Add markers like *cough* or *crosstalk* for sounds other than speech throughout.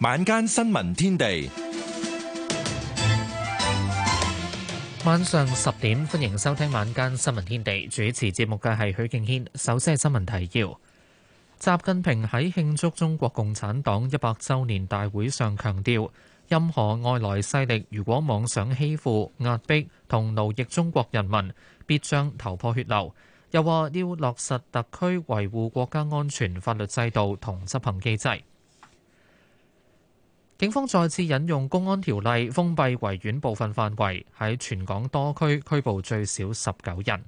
晚間新聞天地，晚上十點，歡迎收聽晚間新聞天地。主持節目嘅係許敬軒。首先係新聞提要：習近平喺慶祝中國共產黨一百周年大會上強調，任何外來勢力如果妄想欺負、壓迫同奴役中國人民，必將頭破血流。又話要落實特區維護國家安全法律制度同執行機制。警方再次引用公安條例封閉維園部分範圍，喺全港多區拘捕最少十九人。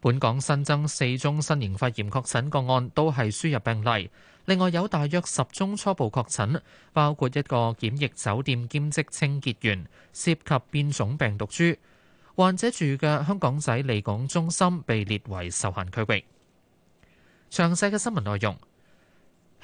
本港新增四宗新型肺炎確診個案，都係輸入病例。另外有大約十宗初步確診，包括一個檢疫酒店兼職清潔員涉及變種病毒株。患者住嘅香港仔利港中心被列為受限區域。詳細嘅新聞內容。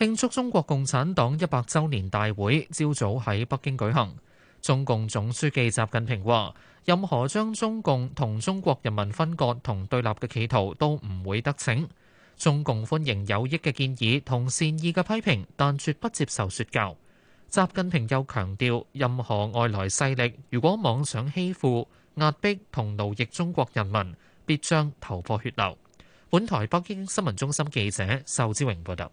慶祝中國共產黨一百週年大會，朝早喺北京舉行。中共總書記習近平話：任何將中共同中國人民分割同對立嘅企圖都唔會得逞。中共歡迎有益嘅建議同善意嘅批評，但絕不接受説教。習近平又強調，任何外來勢力如果妄想欺負壓迫同奴役中國人民，必將頭破血流。本台北京新聞中心記者壽之榮報道。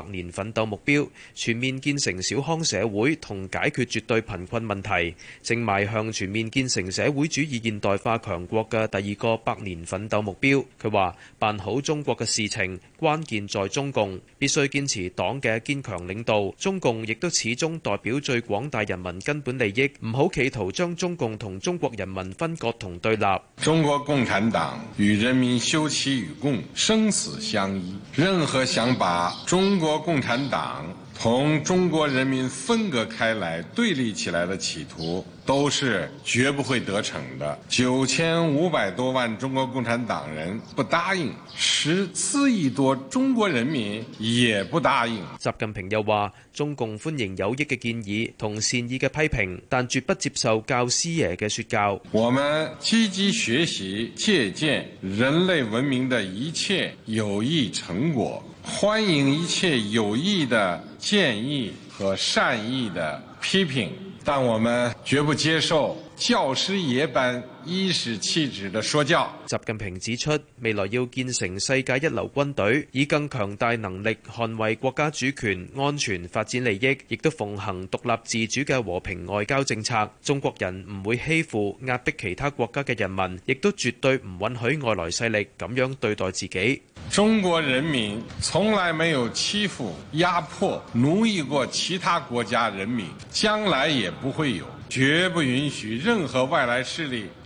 百年奮鬥目標，全面建成小康社會同解決絕對貧困問題，正邁向全面建成社會主義現代化強國嘅第二個百年奮鬥目標。佢話辦好中國嘅事情，關鍵在中共，必須堅持黨嘅堅強領導，中共亦都始終代表最廣大人民根本利益，唔好企圖將中共同中國人民分割同對立。中國共產黨與人民休戚與共，生死相依。任何想把中國中國共產黨同中國人民分隔開來、對立起來的企圖，都是絕不會得逞的。九千五百多萬中國共產黨人不答應，十四億多中國人民也不答應。習近平又話：中共歡迎有益嘅建議同善意嘅批評，但絕不接受教師爺嘅說教。我們積極學習借鑑人類文明的一切有益成果。歡迎一切有益的建議和善意的批評，但我們絕不接受教師爺般。以史氣質的說教。習近平指出，未來要建成世界一流軍隊，以更強大能力捍衛國家主權、安全、發展利益，亦都奉行獨立自主嘅和平外交政策。中國人唔會欺負、壓迫其他國家嘅人民，亦都絕對唔允許外來勢力咁樣對待自己。中國人民從來沒有欺負、壓迫、奴役過其他國家人民，將來也不會有，絕不允許任何外來勢力，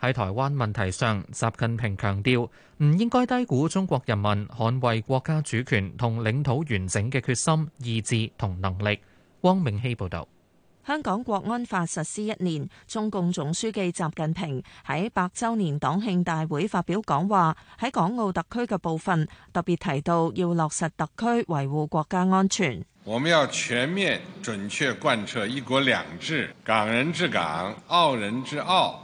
喺台灣問題上，習近平強調唔應該低估中國人民捍衛國家主權同領土完整嘅決心、意志同能力。汪明熙報導。香港國安法實施一年，中共總書記習近平喺百周年黨慶大會發表講話，喺港澳特區嘅部分特別提到要落實特區維護國家安全。我們要全面準確貫徹一國兩制，港人治港，澳人治澳，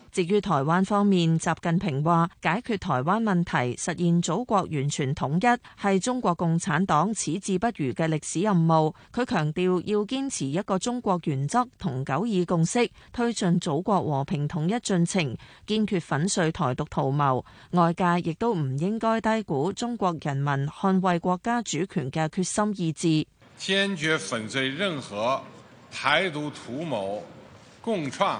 至於台灣方面，習近平話解決台灣問題、實現祖國完全統一，係中國共產黨矢志不渝嘅歷史任務。佢強調要堅持一個中國原則同九二共識，推進祖國和平統一進程，堅決粉碎台獨圖謀。外界亦都唔應該低估中國人民捍衛國家主權嘅決心意志，堅決粉碎任何台獨圖謀，共創，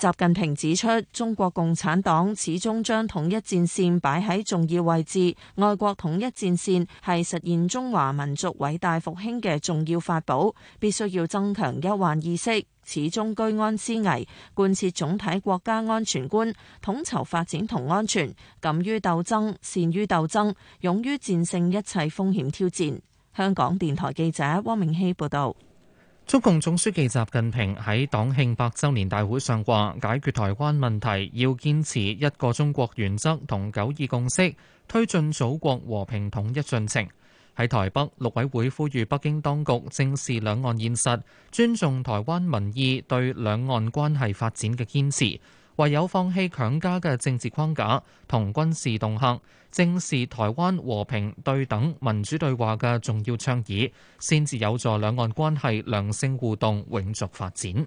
習近平指出，中國共產黨始終將統一戰線擺喺重要位置，愛國統一戰線係實現中華民族偉大復興嘅重要法寶，必須要增強憂患意識，始終居安思危，貫徹總體國家安全觀，統籌發展同安全，敢於鬥爭，善於鬥爭，勇於戰勝一切風險挑戰。香港電台記者汪明希報道。中共總書記習近平喺黨慶百周年大會上話：解決台灣問題要堅持一個中國原則同九二共識，推進祖國和平統一進程。喺台北，陸委會呼籲北京當局正視兩岸現實，尊重台灣民意對兩岸關係發展嘅堅持。唯有放棄強加嘅政治框架同軍事動向，正視台灣和平對等民主對話嘅重要倡議，先至有助兩岸關係良性互動永續發展。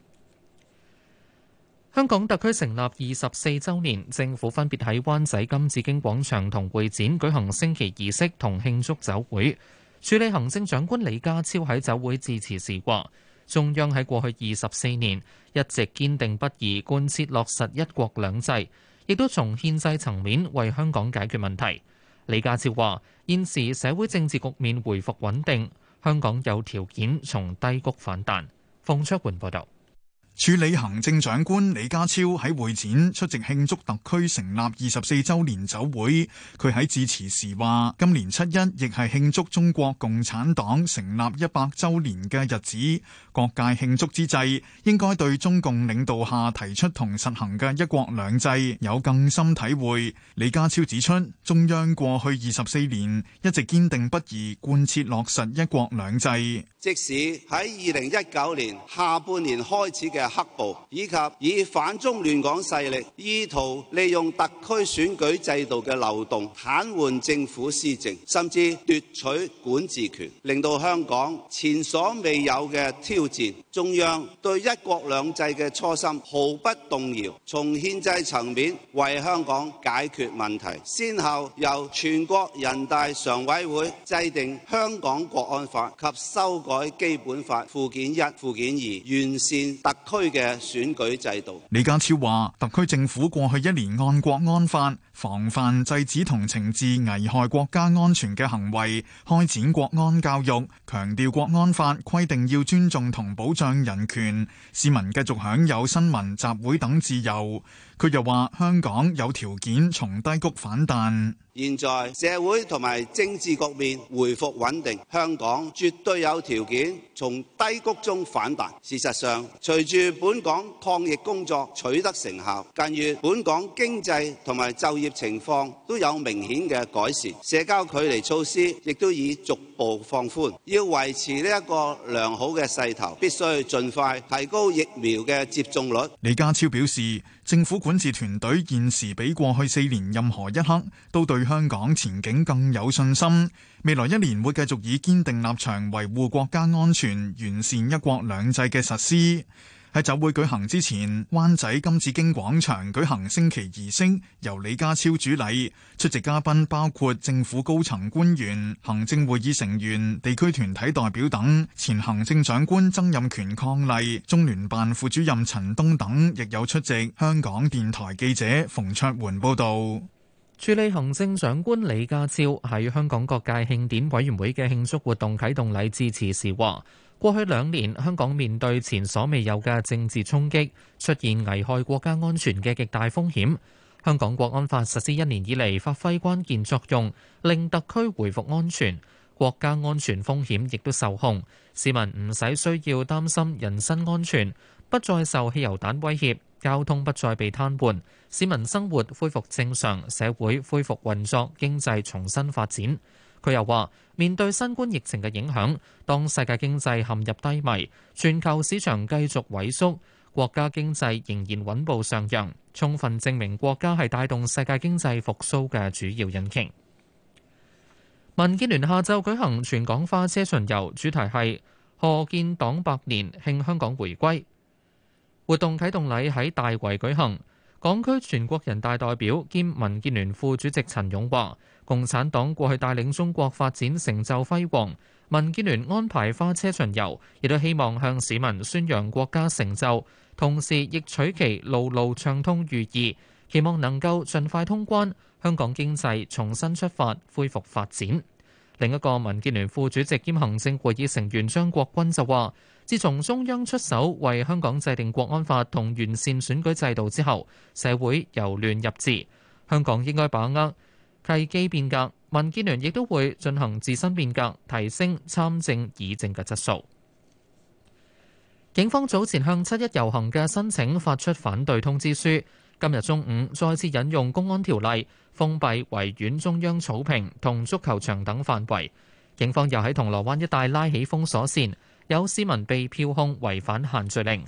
香港特區成立二十四周年，政府分別喺灣仔金紫荊廣場同會展舉行升旗儀式同慶祝酒會。署理行政長官李家超喺酒會致辭時話。中央喺過去二十四年一直堅定不移貫徹落實一國兩制，亦都從憲制層面為香港解決問題。李家超話：現時社會政治局面回復穩定，香港有條件從低谷反彈。馮卓桓報道。署理行政長官李家超喺會展出席慶祝特區成立二十四周年酒會，佢喺致辭時話：今年七一亦係慶祝中國共產黨成立一百周年嘅日子，各界慶祝之際，應該對中共領導下提出同實行嘅一國兩制有更深體會。李家超指出，中央過去二十四年一直堅定不移貫徹落實一國兩制。即使喺二零一九年下半年開始嘅黑暴，以及以反中亂港勢力，意圖利用特區選舉制度嘅漏洞，癱瘓政府施政，甚至奪取管治權，令到香港前所未有嘅挑戰，中央對一國兩制嘅初心毫不動搖，從憲制層面為香港解決問題，先後由全國人大常委會制定《香港國安法》及修改。改基本法附件一、附件二，完善特區嘅選舉制度。李家超話，特區政府過去一年按國安法。防範、制止同懲治危害國家安全嘅行為，開展國安教育，強調國安法規定要尊重同保障人權，市民繼續享有新聞、集會等自由。佢又話，香港有條件從低谷反彈，現在社會同埋政治局面回復穩定，香港絕對有條件從低谷中反彈。事實上，隨住本港抗疫工作取得成效，近月本港經濟同埋就業業情況都有明顯嘅改善，社交距離措施亦都已逐步放寬。要維持呢一個良好嘅勢頭，必須盡快提高疫苗嘅接種率。李家超表示，政府管治團隊現時比過去四年任何一刻都對香港前景更有信心。未來一年會繼續以堅定立場維護國家安全，完善一國兩制嘅實施。喺酒會舉行之前，灣仔金紫荊廣場舉行升旗儀式，由李家超主禮。出席嘉賓包括政府高層官員、行政會議成員、地區團體代表等。前行政長官曾蔭權伉儷，中聯辦副主任陳東等亦有出席。香港電台記者馮卓桓報導。署理行政長官李家超喺香港各界慶典委員會嘅慶祝活動啟動禮致辭時話。過去兩年，香港面對前所未有嘅政治衝擊，出現危害國家安全嘅極大風險。香港國安法實施一年以嚟，發揮關鍵作用，令特區回復安全，國家安全風險亦都受控。市民唔使需要擔心人身安全，不再受汽油彈威脅，交通不再被癱瘓，市民生活恢復正常，社會恢復運作，經濟重新發展。佢又話：面對新冠疫情嘅影響，當世界經濟陷入低迷，全球市場繼續萎縮，國家經濟仍然穩步上揚，充分證明國家係帶動世界經濟復甦嘅主要引擎。民建聯下晝舉行全港花車巡遊，主題係「賀建黨百年，慶香港回歸」。活動啟動禮喺大圍舉行，港區全國人大代表兼民建聯副主席陳勇話。共產黨過去帶領中國發展成就輝煌，民建聯安排花車巡遊，亦都希望向市民宣揚國家成就，同時亦取其路路暢通寓意，期望能夠盡快通關，香港經濟重新出發，恢復發展。另一個民建聯副主席兼行政會議成員張國軍就話：自從中央出手為香港制定國安法同完善選舉制度之後，社會由亂入治，香港應該把握。契機變革，民建聯亦都會進行自身變革，提升參政議政嘅質素。警方早前向七一遊行嘅申請發出反對通知書，今日中午再次引用公安條例，封閉維園中央草坪同足球場等範圍。警方又喺銅鑼灣一帶拉起封鎖線，有市民被票控違反限聚令。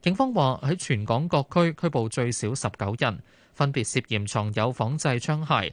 警方話喺全港各區拘捕最少十九人，分別涉嫌藏有仿製槍械。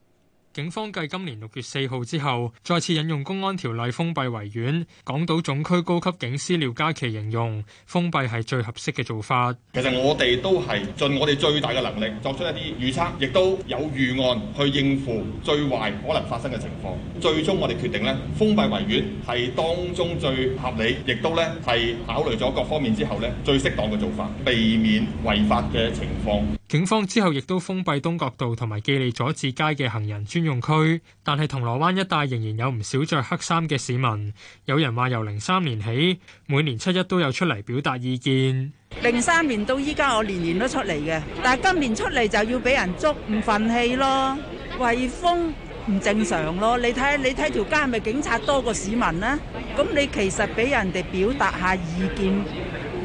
警方繼今年六月四號之後，再次引用公安條例封閉維園。港島總區高級警司廖家琪形容，封閉係最合適嘅做法。其實我哋都係盡我哋最大嘅能力作出一啲預測，亦都有預案去應付最壞可能發生嘅情況。最終我哋決定呢，封閉維園係當中最合理，亦都呢係考慮咗各方面之後呢最適當嘅做法，避免違法嘅情況。警方之後亦都封閉東角道同埋記利佐治街嘅行人專用區，但係銅鑼灣一帶仍然有唔少着黑衫嘅市民。有人話由零三年起，每年七一都有出嚟表達意見。零三年到依家我年年都出嚟嘅，但係今年出嚟就要俾人捉，唔憤氣咯，違風唔正常咯。你睇下你睇條街係咪警察多過市民咧？咁你其實俾人哋表達下意見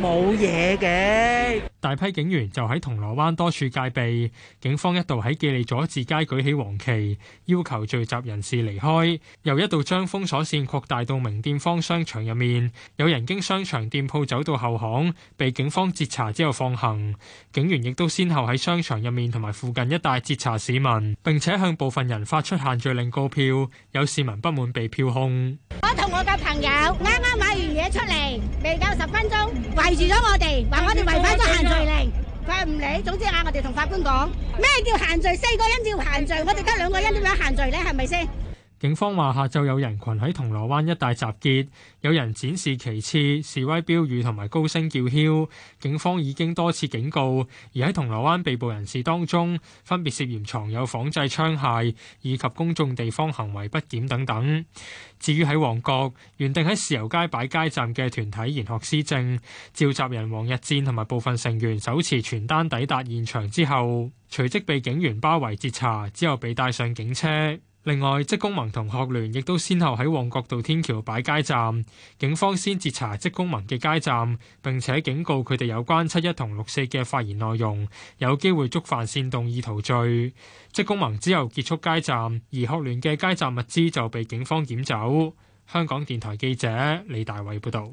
冇嘢嘅。大批警員就喺銅鑼灣多處戒備，警方一度喺記利佐治街舉起黃旗，要求聚集人士離開，又一度將封鎖線擴大到名店坊商場入面。有人經商場店鋪走到後巷，被警方截查之後放行。警員亦都先後喺商場入面同埋附近一帶截查市民，並且向部分人發出限聚令告票。有市民不滿被票控。我同我嘅朋友啱啱買完嘢出嚟，未夠十分鐘，圍住咗我哋。唔理，總之啊，我哋同法官講咩叫限聚，四個人叫限聚，的我哋得兩個人點樣限聚呢？係咪先？警方話，下晝有人群喺銅鑼灣一帶集結，有人展示旗幟示威標語同埋高聲叫囂。警方已經多次警告。而喺銅鑼灣被捕人士當中，分別涉嫌藏有仿製槍械以及公眾地方行為不檢等等。至於喺旺角，原定喺豉油街擺街站嘅團體賢學思政召集人王日戰同埋部分成員手持傳單抵達現場之後，隨即被警員包圍截查，之後被帶上警車。另外，職工盟同學聯亦都先後喺旺角道天橋擺街站，警方先截查職工盟嘅街站，並且警告佢哋有關七一同六四嘅發言內容，有機會觸犯煽動意圖罪。職工盟之後結束街站，而學聯嘅街站物資就被警方檢走。香港電台記者李大偉報導。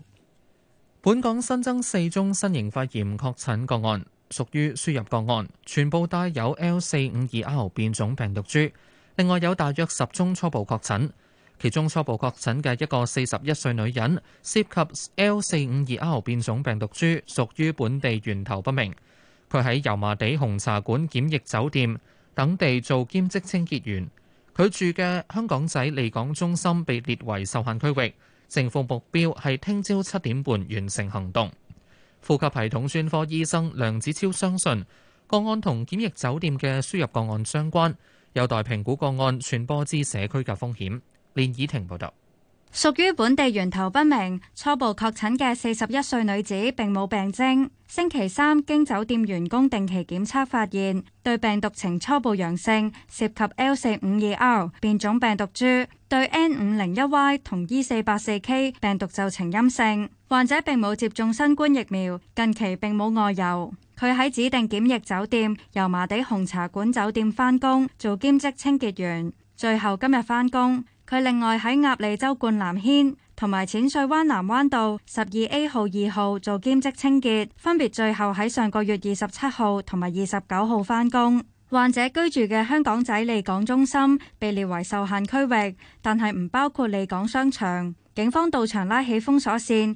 本港新增四宗新型肺炎確診個案，屬於輸入個案，全部帶有 L 四五二 R 變種病毒株。另外有大約十宗初步確診，其中初步確診嘅一個四十一歲女人涉及 L 四五二 R 變種病毒株，屬於本地源頭不明。佢喺油麻地紅茶館檢疫酒店等地做兼職清潔員。佢住嘅香港仔利港中心被列為受限區域。政府目標係聽朝七點半完成行動。呼吸系統專科醫生梁子超相信個案同檢疫酒店嘅輸入個案相關。有待評估個案傳播至社區嘅風險。連倚婷報導。屬於本地源頭不明、初步確診嘅四十一歲女子並冇病徵。星期三經酒店員工定期檢測發現對病毒呈初步陽性，涉及 L 四五二 R 變種病毒株，對 N 五零一 Y 同 E 四八四 K 病毒就呈陰性。患者並冇接種新冠疫苗，近期並冇外遊。佢喺指定檢疫酒店油麻地紅茶館酒店翻工，做兼職清潔員，最後今日翻工。佢另外喺鴨脷洲冠南軒同埋淺水灣南灣道十二 A 號二號做兼職清潔，分別最後喺上個月二十七號同埋二十九號翻工。患者居住嘅香港仔利港中心被列為受限區域，但係唔包括利港商場。警方到場拉起封鎖線。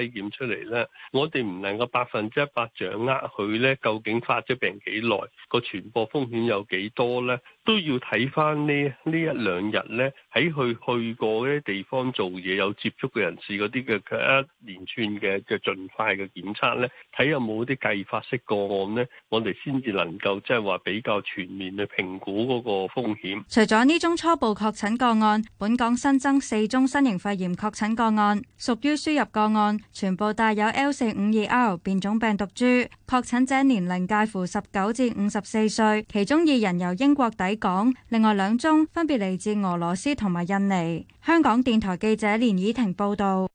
體檢出嚟咧，我哋唔能夠百分之一百掌握佢咧，究竟發咗病幾耐，個傳播風險有幾多咧？都要睇翻呢呢一兩日呢，喺佢去過嗰啲地方做嘢，有接觸嘅人士嗰啲嘅一連串嘅嘅，盡快嘅檢測呢，睇有冇啲繼發式個案呢，我哋先至能夠即係話比較全面去評估嗰個風險。除咗呢宗初步確診個案，本港新增四宗新型肺炎確診個案，屬於輸入個案，全部帶有 L 四五二 R 變種病毒株。確診者年齡介乎十九至五十四歲，其中二人由英國抵。港另外兩宗分別嚟自俄羅斯同埋印尼。香港電台記者連綺婷報道。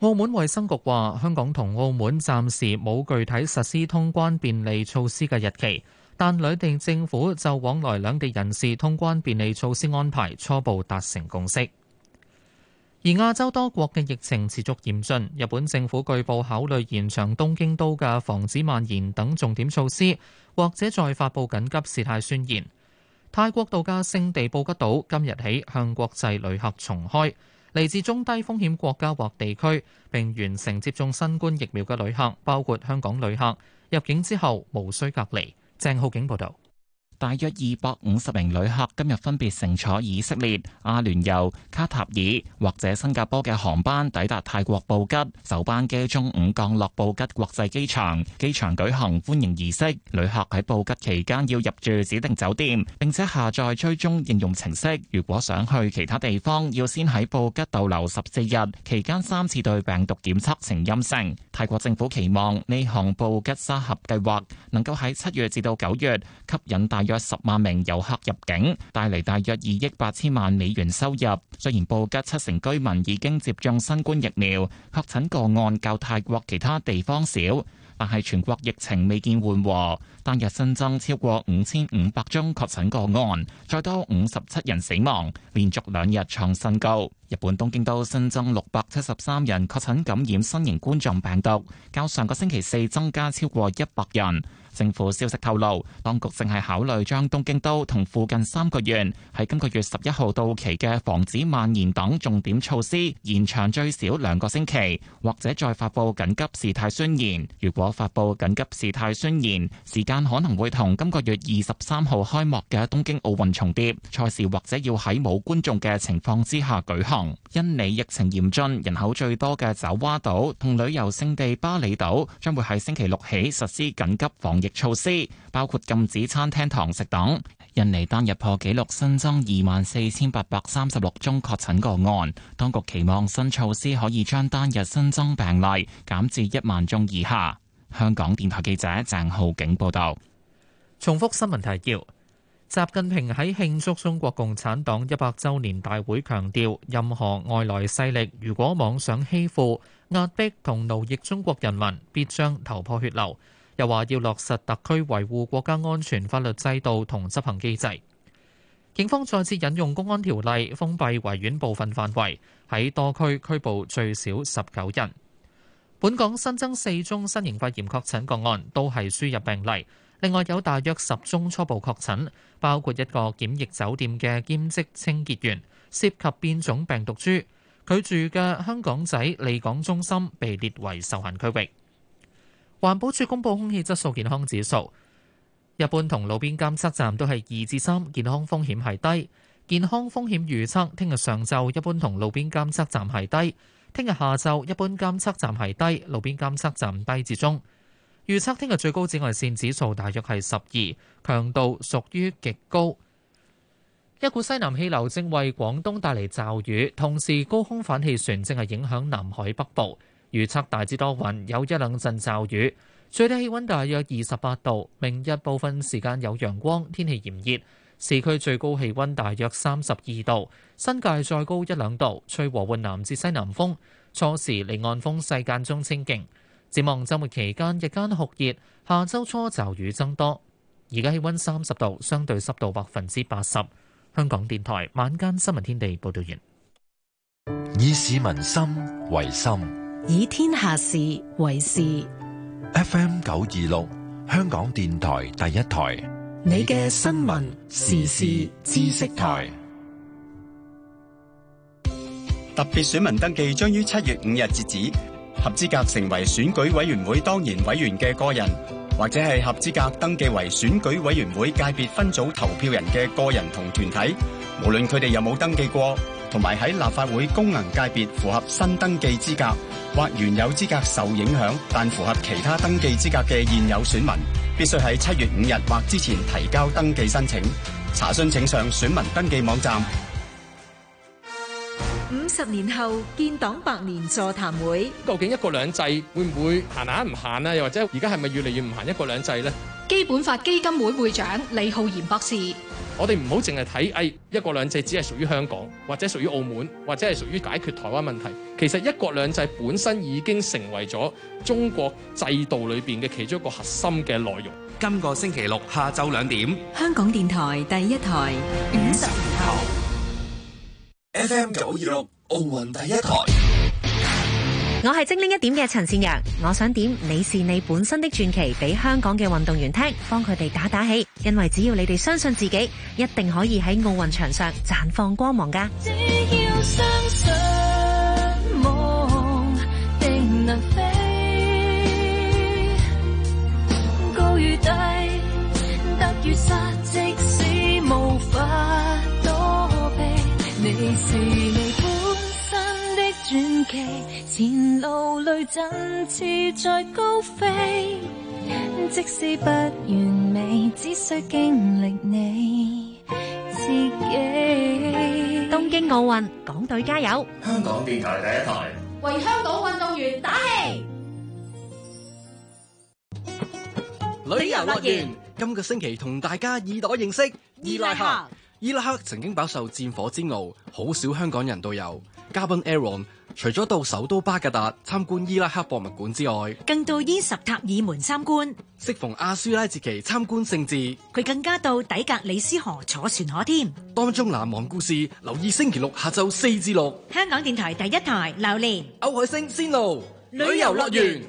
澳門衛生局話，香港同澳門暫時冇具體實施通關便利措施嘅日期，但兩地政府就往來兩地人士通關便利措施安排初步達成共識。而亞洲多國嘅疫情持續嚴峻，日本政府據報考慮延長東京都嘅防止蔓延等重點措施，或者再發布緊急事態宣言。泰國度假勝地布吉島今日起向國際旅客重開，嚟自中低風險國家或地區，並完成接種新冠疫苗嘅旅客，包括香港旅客，入境之後無需隔離。鄭浩景報道。大約二百五十名旅客今日分別乘坐以色列、阿聯酋、卡塔爾或者新加坡嘅航班抵達泰國布吉，首班機中午降落布吉國際機場，機場舉行歡迎儀式。旅客喺布吉期間要入住指定酒店，並且下載追蹤應用程式。如果想去其他地方，要先喺布吉逗留十四日，期間三次對病毒檢測呈陰性。泰國政府期望呢項布吉沙盒計劃能夠喺七月至到九月吸引大約。約十萬名遊客入境，帶嚟大約二億八千萬美元收入。雖然布吉七成居民已經接種新冠疫苗，確診個案較泰國其他地方少，但係全國疫情未見緩和，單日新增超過五千五百宗確診個案，再多五十七人死亡，連續兩日創新高。日本東京都新增六百七十三人確診感染新型冠狀病毒，較上個星期四增加超過一百人。政府消息透露，當局正係考慮將東京都同附近三個縣喺今個月十一號到期嘅防止蔓延等重點措施延長最少兩個星期，或者再發布緊急事態宣言。如果發布緊急事態宣言，時間可能會同今個月二十三號開幕嘅東京奧運重疊，賽事或者要喺冇觀眾嘅情況之下舉行。印尼疫情嚴峻，人口最多嘅爪哇島同旅遊勝地巴厘島將會喺星期六起實施緊急防疫措施包括禁止餐廳堂食等。印尼單日破紀錄新增二萬四千八百三十六宗確診個案，當局期望新措施可以將單日新增病例減至一萬宗以下。香港電台記者鄭浩景報道。重複新聞提要：習近平喺慶祝中國共產黨一百周年大會強調，任何外來勢力如果妄想欺負壓迫同奴役中國人民，必將頭破血流。又話要落實特區維護國家安全法律制度同執行機制。警方再次引用公安條例，封閉維園部分範圍，喺多區拘捕最少十九人。本港新增四宗新型肺炎確診個案，都係輸入病例。另外有大約十宗初步確診，包括一個檢疫酒店嘅兼職清潔員，涉及變種病毒株。佢住嘅香港仔利港中心被列為受限區域。環保署公布空氣質素健康指數，一般同路邊監測站都係二至三，健康風險係低。健康風險預測聽日上晝一般同路邊監測站係低，聽日下晝一般監測站係低，路邊監測站低至中。預測聽日最高紫外線指數大約係十二，強度屬於極高。一股西南氣流正為廣東帶嚟驟雨，同時高空反氣旋正係影響南海北部。預測大致多雲，有一兩陣驟雨，最低氣溫大約二十八度。明日部分時間有陽光，天氣炎熱，市區最高氣溫大約三十二度，新界再高一兩度，吹和緩南至西南風，初時離岸風勢間中清勁。展望週末期間日間酷熱，下週初驟雨增多。而家氣溫三十度，相對濕度百分之八十。香港電台晚間新聞天地報道員。以市民心為心。以天下事為事。FM 九二六，香港電台第一台。你嘅新聞時事知識台。特別選民登記將於七月五日截止。合資格成為選舉委員會當然委員嘅個人，或者係合資格登記為選舉委員會界別分組投票人嘅個人同團體，無論佢哋有冇登記過。同埋喺立法會功能界別符合新登記資格或原有資格受影響但符合其他登記資格嘅現有選民，必須喺七月五日或之前提交登記申請。查詢請上選民登記網站。五十年後建黨百年座談會，究竟一國兩制會唔會行下唔行啊？又或者而家係咪越嚟越唔行一國兩制呢？基本法基金會會長李浩然博士。我哋唔好淨係睇，誒、哎，一國兩制只係屬於香港，或者屬於澳門，或者係屬於解決台灣問題。其實一國兩制本身已經成為咗中國制度裏邊嘅其中一個核心嘅內容。今個星期六下晝兩點，香港電台第一台，五十年後，FM 九二六奧運第一台。我係精靈一點嘅陳善陽，我想點？你是你本身的傳奇，俾香港嘅運動員聽，幫佢哋打打氣，因為只要你哋相信自己，一定可以喺奧運場上綻放光芒噶只要相信轉前路裏振翅在高飛，即使不完美，只需經歷你自己。東京奧運，港隊加油！香港電台第一台，為香港運動員打氣。 *laughs* 旅遊樂園，今個星期同大家耳朵認識伊拉克。伊拉克曾經飽受戰火煎熬，好少香港人都有。嘉賓 Aaron。除咗到首都巴格達參觀伊拉克博物館之外，更到伊什塔爾門參觀。適逢阿舒拉節期參觀聖寺。佢更加到底格里斯河坐船河添。當中難忘故事，留意星期六下晝四至六，香港電台第一台榴槤，歐海星先路旅遊樂園。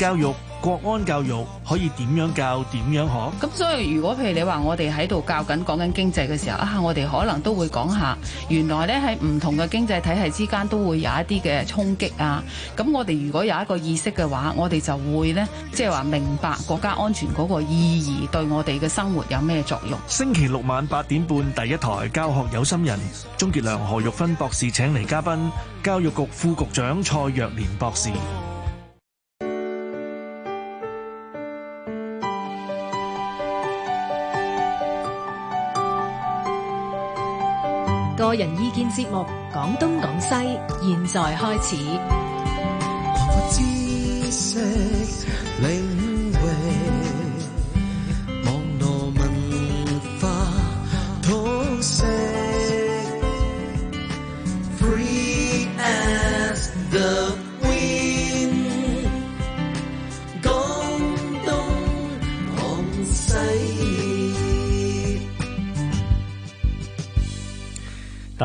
教育、國安教育可以點樣教？點樣學？咁所以，如果譬如你話我哋喺度教緊講緊經濟嘅時候，啊，我哋可能都會講下，原來咧喺唔同嘅經濟體系之間都會有一啲嘅衝擊啊。咁我哋如果有一個意識嘅話，我哋就會咧，即係話明白國家安全嗰個意義對我哋嘅生活有咩作用。星期六晚八點半第一台《教學有心人》，鍾傑良、何玉芬博士請嚟嘉賓，教育局副局長蔡若蓮博士。個人意見節目《廣東廣西》，現在開始。 *music*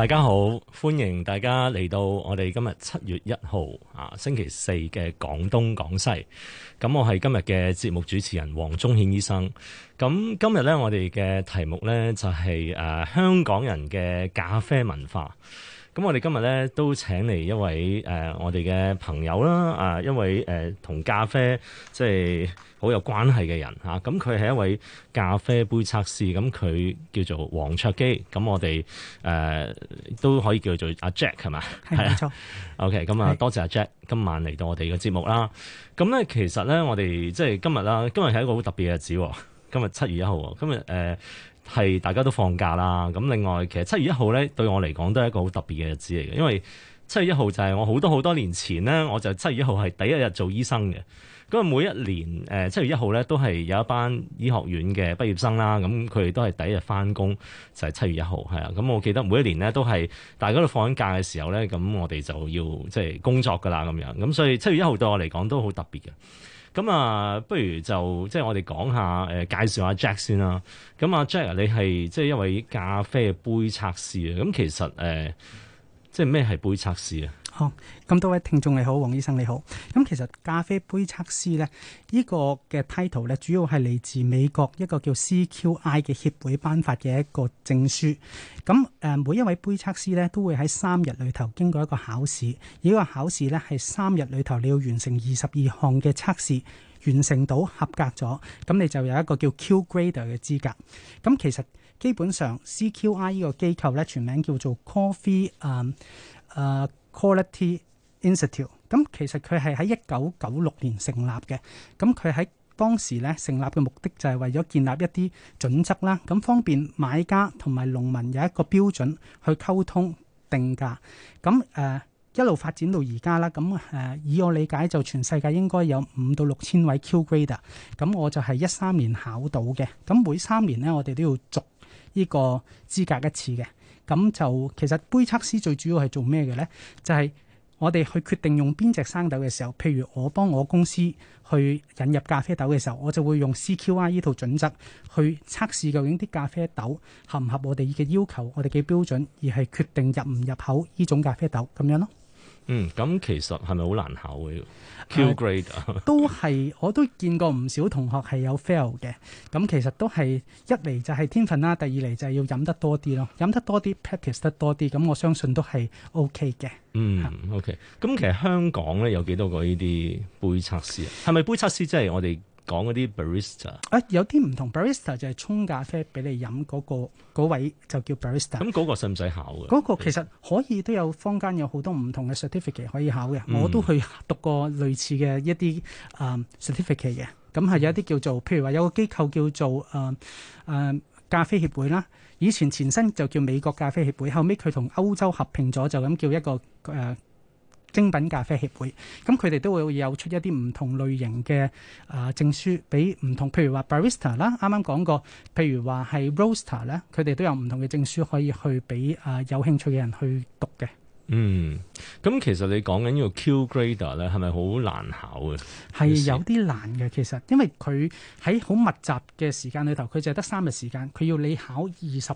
大家好，歡迎大家嚟到我哋今日七月一號啊，星期四嘅廣東廣西。咁我係今日嘅節目主持人黃宗顯醫生。咁今日咧，我哋嘅題目咧就係、是、誒、呃、香港人嘅咖啡文化。咁我哋今日咧都請嚟一位誒、呃、我哋嘅朋友啦啊，一位誒同咖啡即係。就是好有關係嘅人嚇，咁佢係一位咖啡杯測師，咁、嗯、佢叫做黃卓基，咁、嗯、我哋誒、呃、都可以叫做阿、啊、Jack 係嘛？係啊，OK，咁啊，多謝阿、啊、Jack 今晚嚟到我哋嘅節目啦。咁、嗯、咧，其實咧，我哋即係今日啦，今日係一個好特別嘅日子、啊，今日七月一號，今日誒係大家都放假啦。咁、嗯、另外，其實七月一號咧，對我嚟講都係一個好特別嘅日子嚟嘅，因為七月一號就係、是、我好多好多年前咧，我就七月一號係第一日做醫生嘅。咁啊，每一年誒七、呃、月一號咧，都係有一班醫學院嘅畢業生啦。咁佢哋都係第一、就是、日翻工就係七月一號，係啊。咁我記得每一年咧，都係大家都放緊假嘅時候咧，咁我哋就要即係、就是、工作㗎啦，咁樣。咁所以七月一號對我嚟講都好特別嘅。咁啊，不如就即係、就是、我哋講下誒、呃、介紹下 Jack 先啦。咁啊，Jack 你係即係一位咖啡嘅杯測試啊。咁其實誒，即係咩係杯測試啊？咁多、哦、位聽眾你好，黃醫生你好。咁其實咖啡杯測師呢依、這個嘅 title 咧，主要係嚟自美國一個叫 CQI 嘅協會頒發嘅一個證書。咁誒，每一位杯測師呢都會喺三日裏頭經過一個考試。呢個考試呢係三日裏頭你要完成二十二項嘅測試，完成到合格咗，咁你就有一個叫 Q Grader 嘅資格。咁其實基本上 CQI 呢個機構呢全名叫做 Coffee 誒、呃、誒。呃 Quality Institute 咁，其實佢係喺一九九六年成立嘅。咁佢喺當時咧成立嘅目的就係為咗建立一啲準則啦，咁方便買家同埋農民有一個標準去溝通定價。咁誒、呃、一路發展到而家啦。咁誒、呃、以我理解就全世界應該有五到六千位 Q Grader。咁我就係一三年考到嘅。咁每三年咧，我哋都要續呢個資格一次嘅。咁就其實杯測師最主要係做咩嘅呢？就係、是、我哋去決定用邊隻生豆嘅時候，譬如我幫我公司去引入咖啡豆嘅時候，我就會用 CQI 呢套準則去測試究竟啲咖啡豆合唔合我哋嘅要求、我哋嘅標準，而係決定入唔入口呢種咖啡豆咁樣咯。嗯，咁其實係咪好難考嘅 Q grade 都係，我都見過唔少同學係有 fail 嘅。咁其實都係一嚟就係天分啦，第二嚟就係要飲得多啲咯，飲得多啲，practice 得多啲。咁我相信都係 OK 嘅。嗯，OK。咁其實香港咧有幾多個呢啲杯測師啊？係咪杯測師即係我哋？講嗰啲 barista，誒、啊、有啲唔同 barista 就係沖咖啡俾你飲嗰，那個那個位就叫 barista。咁嗰個使唔使考嘅？嗰個其實可以都有，坊間有好多唔同嘅 certificate 可以考嘅。嗯、我都去讀過類似嘅一啲誒 certificate 嘅。咁係有一啲叫做，譬如話有個機構叫做誒誒、呃呃、咖啡協會啦。以前前身就叫美國咖啡協會，後尾佢同歐洲合併咗，就咁叫一個嗰、呃精品咖啡協會，咁佢哋都會有出一啲唔同類型嘅啊證書，俾唔同，譬如話 barista 啦，啱啱講過，譬如話係 roaster 咧，佢哋都有唔同嘅證書可以去俾啊有興趣嘅人去讀嘅。嗯，咁其實你講緊呢個 Q grader 咧，係咪好難考啊？係有啲難嘅，其實因為佢喺好密集嘅時間裏頭，佢就係得三日時間，佢要你考二十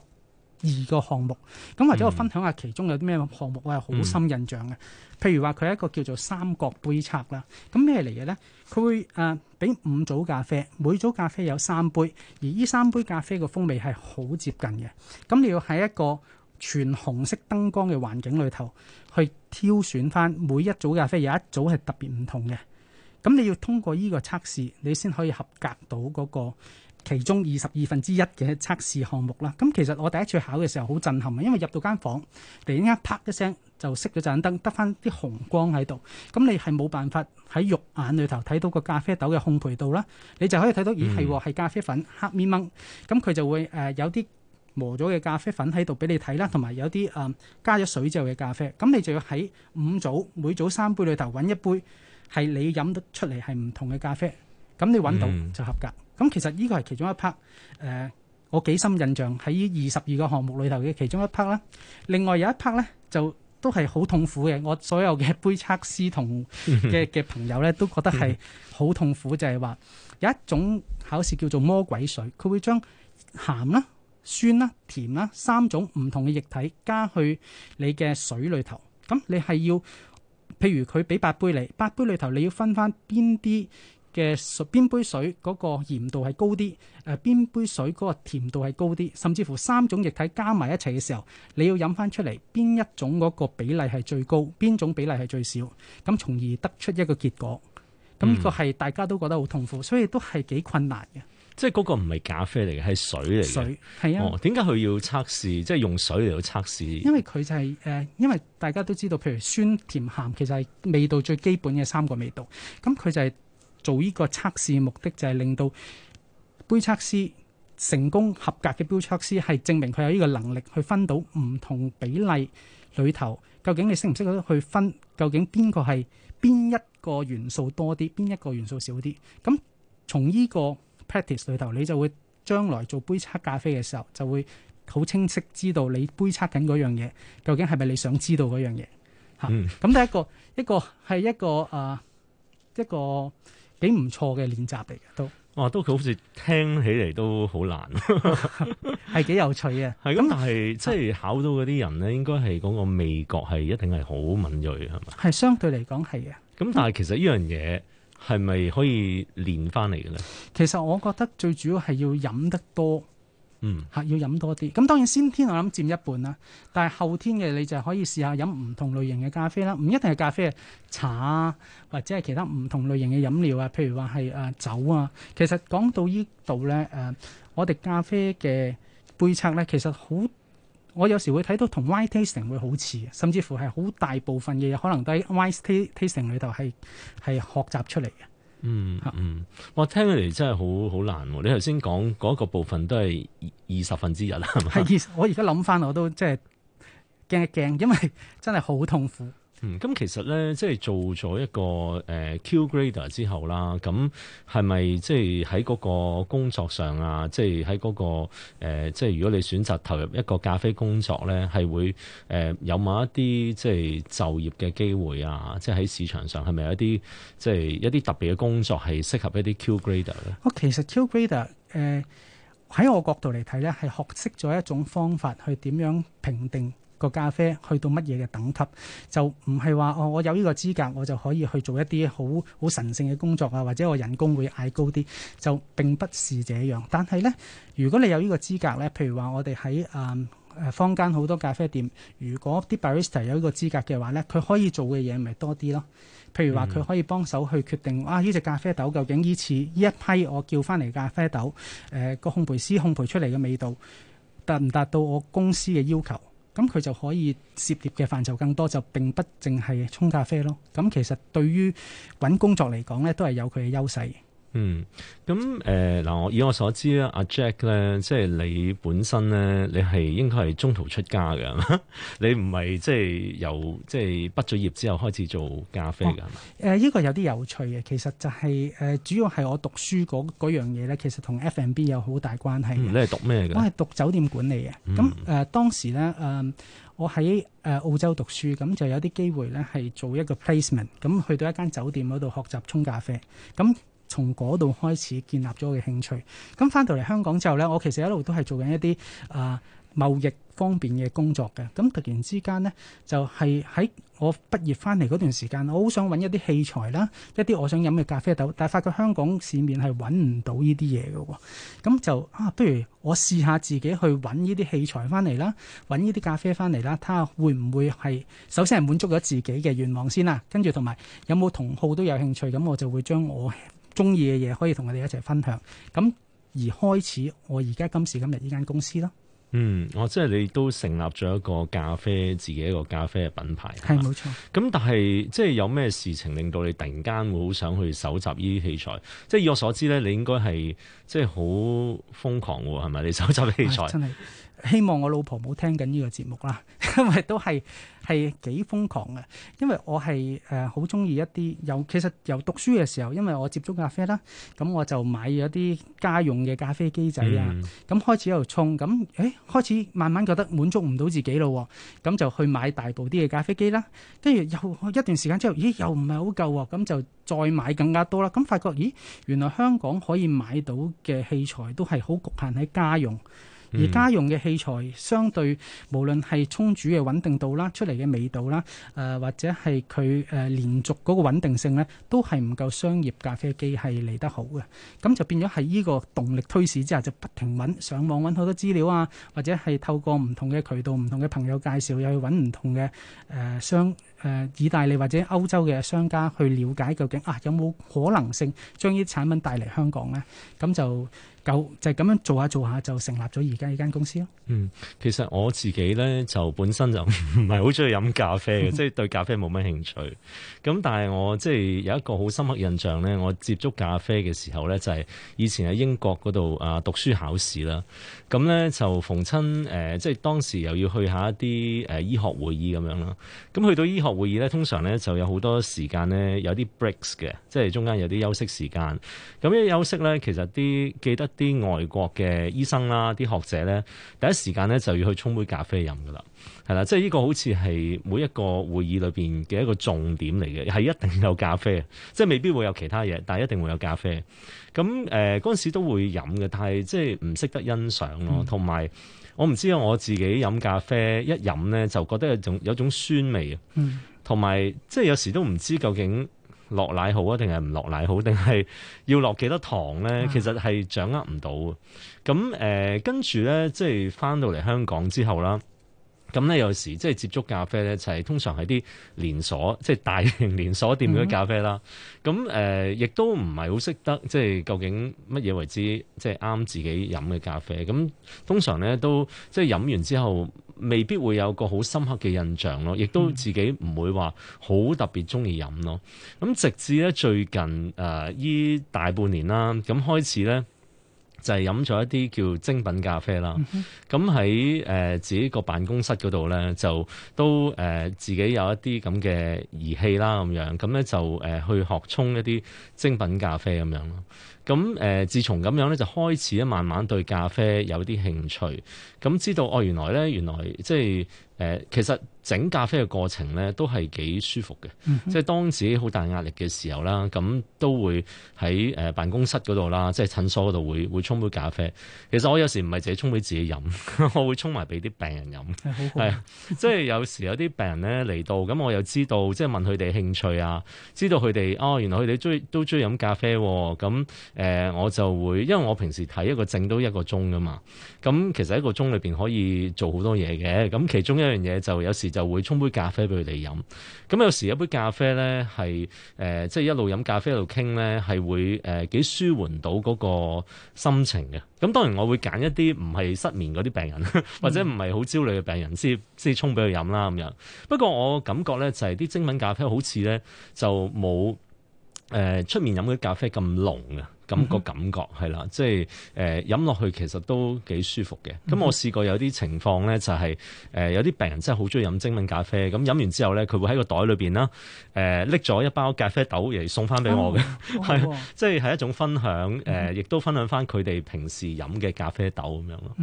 二個項目，咁或者我分享下其中有啲咩項目、嗯、我係好深印象嘅。譬如話佢係一個叫做三角杯測啦，咁咩嚟嘅呢？佢會誒俾五組咖啡，每組咖啡有三杯，而呢三杯咖啡個風味係好接近嘅。咁你要喺一個全紅色燈光嘅環境裏頭去挑選翻每一組咖啡，有一組係特別唔同嘅。咁你要通過呢個測試，你先可以合格到嗰個。其中二十二分之一嘅測試項目啦，咁其實我第一次考嘅時候好震撼啊，因為入到間房，突然間啪一聲就熄咗盞燈，得翻啲紅光喺度，咁你係冇辦法喺肉眼裏頭睇到個咖啡豆嘅烘焙度啦，你就可以睇到，咦係喎，係、哎、咖啡粉黑咪掹，咁佢就會誒、呃、有啲磨咗嘅咖啡粉喺度俾你睇啦，同埋有啲誒、呃、加咗水之後嘅咖啡，咁你就要喺五組每組三杯裏頭揾一杯係你飲得出嚟係唔同嘅咖啡，咁你揾到就合格。嗯。咁其實呢個係其中一 part，誒、呃，我幾深印象喺二十二個項目裏頭嘅其中一 part 啦。另外有一 part 呢，就都係好痛苦嘅。我所有嘅杯測師同嘅嘅朋友呢，都覺得係好痛苦， *laughs* 就係話有一種考試叫做魔鬼水，佢會將鹹啦、酸啦、甜啦三種唔同嘅液體加去你嘅水裏頭。咁你係要，譬如佢俾八杯你，八杯裏頭你要分翻邊啲，嘅邊杯水嗰個鹽度係高啲，誒、邊杯水嗰個甜度係高啲，甚至乎三種液體加埋一齊嘅時候，你要飲返出嚟，邊一種嗰個比例係最高，邊種比例係最少，咁從而得出一個結果。咁呢個係大家都覺得好痛苦，所以都係幾困難嘅、嗯。即係嗰個唔係咖啡嚟嘅，係水嚟嘅。水係啊，點解佢要測試？即係用水嚟到測試。因為佢就係、是、誒、呃，因為大家都知道，譬如酸、甜、鹹，其實係味道最基本嘅三個味道。咁佢就係、是。做呢個測試嘅目的就係令到杯測師成功合格，嘅杯測師係證明佢有呢個能力去分到唔同比例裏頭，究竟你識唔識得去分？究竟邊個係邊一個元素多啲，邊一個元素少啲？咁從呢個 practice 裏頭，你就會將來做杯測咖啡嘅時候就會好清晰知道你杯測緊嗰樣嘢究竟係咪你想知道嗰樣嘢？嚇、嗯！咁、啊、第一個一個係一個啊一個。Uh, 一個幾唔錯嘅練習嚟嘅都，哇、啊！都佢好似聽起嚟都好難，係 *laughs* 幾 *laughs* 有趣嘅。係咁，但係、嗯、即係考到嗰啲人咧，應該係嗰個味覺係一定係好敏銳，係咪？係相對嚟講係啊。咁但係其實呢樣嘢係咪可以練翻嚟嘅咧？嗯、其實我覺得最主要係要飲得多。嗯，係要飲多啲。咁當然先天我諗佔一半啦，但係後天嘅你就可以試下飲唔同類型嘅咖啡啦。唔一定係咖啡，茶啊，或者係其他唔同類型嘅飲料啊。譬如話係誒酒啊。其實講到呢度咧，誒我哋咖啡嘅背側咧，其實好，我有時會睇到同 wine tasting 會好似，甚至乎係好大部分嘅嘢可能都喺 wine tasting 裏頭係係學習出嚟嘅。嗯，嗯，我聽起嚟真係好好難。你頭先講嗰一個部分都係二十分之一啦，係咪？我而家諗翻，我都即係驚一驚，因為真係好痛苦。嗯，咁其實咧，即係做咗一個誒、呃、Q grader 之後啦，咁係咪即係喺嗰個工作上啊？即係嗰個呃、即係喺嗰個即係如果你選擇投入一個咖啡工作咧，係會誒、呃、有冇一啲即係就業嘅機會啊？即係喺市場上係咪有一啲即係一啲特別嘅工作係適合一啲 Q grader 咧？哦，其實 Q grader 誒、呃、喺我角度嚟睇咧，係學識咗一種方法去點樣評定。個咖啡去到乜嘢嘅等級，就唔係話哦，我有呢個資格，我就可以去做一啲好好神聖嘅工作啊，或者我人工會嗌高啲，就並不是這樣。但係呢，如果你有呢個資格呢，譬如話我哋喺誒誒坊間好多咖啡店，如果啲 barista 有呢個資格嘅話呢，佢可以做嘅嘢咪多啲咯。譬如話佢可以幫手去決定啊，呢隻、這個、咖啡豆究竟依次呢一批我叫翻嚟咖啡豆誒，個烘焙師烘焙出嚟嘅味道達唔達到我公司嘅要求？咁佢就可以涉獵嘅範疇更多，就並不淨係沖咖啡咯。咁其實對於揾工作嚟講咧，都係有佢嘅優勢。嗯，咁誒，嗱、呃，我以我所知咧，阿、啊、Jack 咧，即係你本身咧，你係應該係中途出家嘅， *laughs* 你唔係即係由即係畢咗業之後開始做咖啡嘅，係嘛、哦？誒、呃，呢、這個有啲有趣嘅，其實就係、是、誒、呃，主要係我讀書嗰嗰樣嘢咧，其實同 F&B 有好大關係嘅、嗯、你係讀咩嘅？我係讀酒店管理嘅。咁誒、嗯呃，當時咧誒、呃，我喺誒、呃、澳洲讀書，咁就有啲機會咧係做一個 placement，咁去到一間酒店嗰度學習沖咖啡，咁。從嗰度開始建立咗我嘅興趣。咁翻到嚟香港之後呢，我其實一路都係做緊一啲啊、呃、貿易方面嘅工作嘅。咁突然之間呢，就係、是、喺我畢業翻嚟嗰段時間，我好想揾一啲器材啦，一啲我想飲嘅咖啡豆，但係發覺香港市面係揾唔到呢啲嘢嘅喎。咁就啊，不如我試下自己去揾呢啲器材翻嚟啦，揾呢啲咖啡翻嚟啦，睇下會唔會係首先係滿足咗自己嘅願望先啦。跟住同埋有冇同好都有興趣，咁我就會將我，中意嘅嘢可以同佢哋一齊分享，咁而開始我而家今時今日呢間公司咯。嗯，我、哦、即係你都成立咗一個咖啡自己一個咖啡嘅品牌，係冇錯。咁但係即係有咩事情令到你突然間會好想去搜集呢啲器材？即係以我所知咧，你應該係即係好瘋狂喎，係咪？你搜集器材、哎、真係。希望我老婆冇聽緊呢個節目啦，因為都係係幾瘋狂嘅。因為我係誒好中意一啲有，其實由讀書嘅時候，因為我接觸咖啡啦，咁我就買咗啲家用嘅咖啡機仔啊。咁、嗯、開始喺度沖，咁誒開始慢慢覺得滿足唔到自己咯。咁就去買大部啲嘅咖啡機啦。跟住又一段時間之後，咦又唔係好夠喎，咁就再買更加多啦。咁發覺咦原來香港可以買到嘅器材都係好局限喺家用。而家用嘅器材，相對無論係沖煮嘅穩定度啦、出嚟嘅味道啦，誒、呃、或者係佢誒連續嗰個穩定性咧，都係唔夠商業咖啡機係嚟得好嘅。咁就變咗係呢個動力推市之下，就不停揾上網揾好多資料啊，或者係透過唔同嘅渠道、唔同嘅朋友介紹又去揾唔同嘅誒、呃、商誒、呃、意大利或者歐洲嘅商家去了解究竟啊有冇可能性將依啲產品帶嚟香港咧？咁就。就係咁樣做下做下就成立咗而家呢間公司咯。嗯，其實我自己咧就本身就唔係好中意飲咖啡嘅，即係 *laughs* 對咖啡冇咩興趣。咁但係我即係、就是、有一個好深刻印象咧，我接觸咖啡嘅時候咧，就係、是、以前喺英國嗰度啊讀書考試啦。咁咧就逢親誒，即、呃、係、就是、當時又要去下一啲誒醫學會議咁樣啦。咁去到醫學會議咧，通常咧就有好多時間咧有啲 breaks 嘅，即、就、係、是、中間有啲休息時間。咁一休息咧，其實啲記得。啲外國嘅醫生啦、啊，啲學者咧，第一時間咧就要去沖杯咖啡飲噶啦，係啦，即係呢個好似係每一個會議裏邊嘅一個重點嚟嘅，係一定有咖啡，即係未必會有其他嘢，但係一定會有咖啡。咁誒嗰陣時都會飲嘅，但係即係唔識得欣賞咯。同埋我唔知啊，我自己飲咖啡一飲咧就覺得有種有種酸味啊，同埋即係有時都唔知究竟。落奶好啊，定係唔落奶好，定係要落幾多糖咧？其實係掌握唔、啊呃就是、到嘅。咁誒，跟住咧，即係返到嚟香港之後啦，咁咧有時即係、就是、接觸咖啡咧，就係、是、通常係啲連鎖，即、就、係、是、大型連鎖店嗰啲咖啡啦。咁誒、嗯呃，亦都唔係好識得即係、就是、究竟乜嘢為之即係啱自己飲嘅咖啡。咁通常咧都即係飲完之後。未必會有個好深刻嘅印象咯，亦都自己唔會話好特別鍾意飲咯。咁直至咧最近誒依、呃、大半年啦，咁開始咧，就係飲咗一啲叫精品咖啡啦，咁喺誒自己個辦公室嗰度咧，就都誒自己有一啲咁嘅儀器啦，咁樣咁咧就誒去學沖一啲精品咖啡咁樣咯。咁誒，自從咁樣咧，就開始咧慢慢對咖啡有啲興趣，咁知道哦，原來咧原來即係誒、呃、其實。整咖啡嘅過程咧，都係幾舒服嘅。Mm hmm. 即係當自己好大壓力嘅時候啦，咁都會喺誒辦公室嗰度啦，即係診所嗰度會會沖杯咖啡。其實我有時唔係自己沖俾自己飲， *laughs* 我會沖埋俾啲病人飲。係啊， *laughs* 即係有時有啲病人咧嚟到，咁我又知道，即係問佢哋興趣啊，知道佢哋哦，原來佢哋鍾意都鍾意飲咖啡喎、啊。咁誒、呃，我就會因為我平時睇一個症都一個鐘噶嘛，咁其實一個鐘裏邊可以做好多嘢嘅。咁其中一樣嘢就有時。就會沖杯咖啡俾佢哋飲，咁有時一杯咖啡咧係誒，即係、呃就是、一路飲咖啡一路傾咧，係會誒、呃、幾舒緩到嗰個心情嘅。咁當然我會揀一啲唔係失眠嗰啲病人，或者唔係好焦慮嘅病人先先沖俾佢飲啦咁樣。不過我感覺咧就係啲精品咖啡好似咧就冇誒出面飲啲咖啡咁濃嘅。咁個感覺係、mm hmm. 啦，即係誒、呃、飲落去其實都幾舒服嘅。咁我試過有啲情況咧，就係、是、誒、呃、有啲病人真係好中意飲精品咖啡。咁飲完之後咧，佢會喺個袋裏邊啦，誒拎咗一包咖啡豆嚟送翻俾我嘅，係即係係一種分享誒、呃，亦都分享翻佢哋平時飲嘅咖啡豆咁樣咯。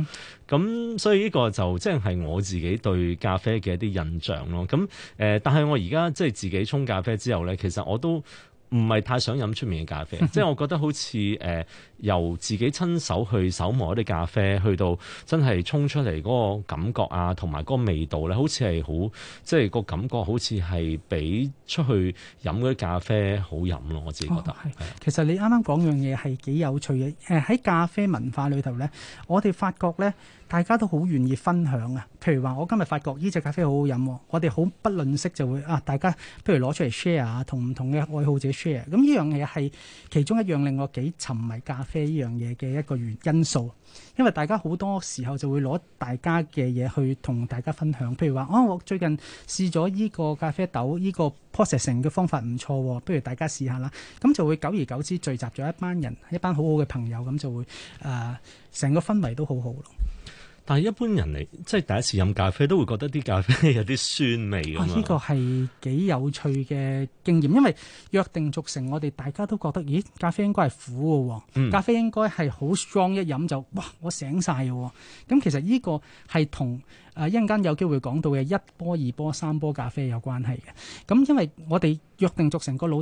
咁、mm hmm. 所以呢個就即係我自己對咖啡嘅一啲印象咯。咁誒、呃，但係我而家即係自己沖咖啡之後咧，其實我都，唔係太想飲出面嘅咖啡，即係 *laughs* 我覺得好似誒、呃、由自己親手去手磨一啲咖啡，去到真係沖出嚟嗰個感覺啊，同埋嗰個味道咧，好似係好即係個感覺，好似係比出去飲嗰啲咖啡好飲咯、啊。我自己覺得，哦、係、其實你啱啱講樣嘢係幾有趣嘅。誒、呃、喺咖啡文化裏頭咧，我哋發覺咧。大家都好願意分享啊！譬如話，我今日發覺呢隻咖啡好好飲，我哋好不吝嗇就會啊，大家不如攞出嚟 share 啊，同唔同嘅愛好者 share。咁呢樣嘢係其中一樣令我幾沉迷咖啡呢樣嘢嘅一個原因素，因為大家好多時候就會攞大家嘅嘢去同大家分享。譬如話，啊，我最近試咗呢個咖啡豆，呢、呢個 processing 嘅方法唔錯、嗯，不如大家試下啦。咁、嗯、就會久而久之聚集咗一班人，一班好好嘅朋友，咁、嗯、就會啊，成、呃、個氛圍都好好咯。但係一般人嚟，即係第一次飲咖啡都會覺得啲咖啡有啲酸味咁啊，呢個係幾有趣嘅經驗，因為約定俗成，我哋大家都覺得，咦，咖啡應該係苦嘅、嗯、咖啡應該係好 strong，一飲就哇，我醒晒嘅喎。咁其實呢個係同誒一陣間有機會講到嘅一波、二波、三波咖啡有關係嘅。咁因為我哋約定俗成個腦。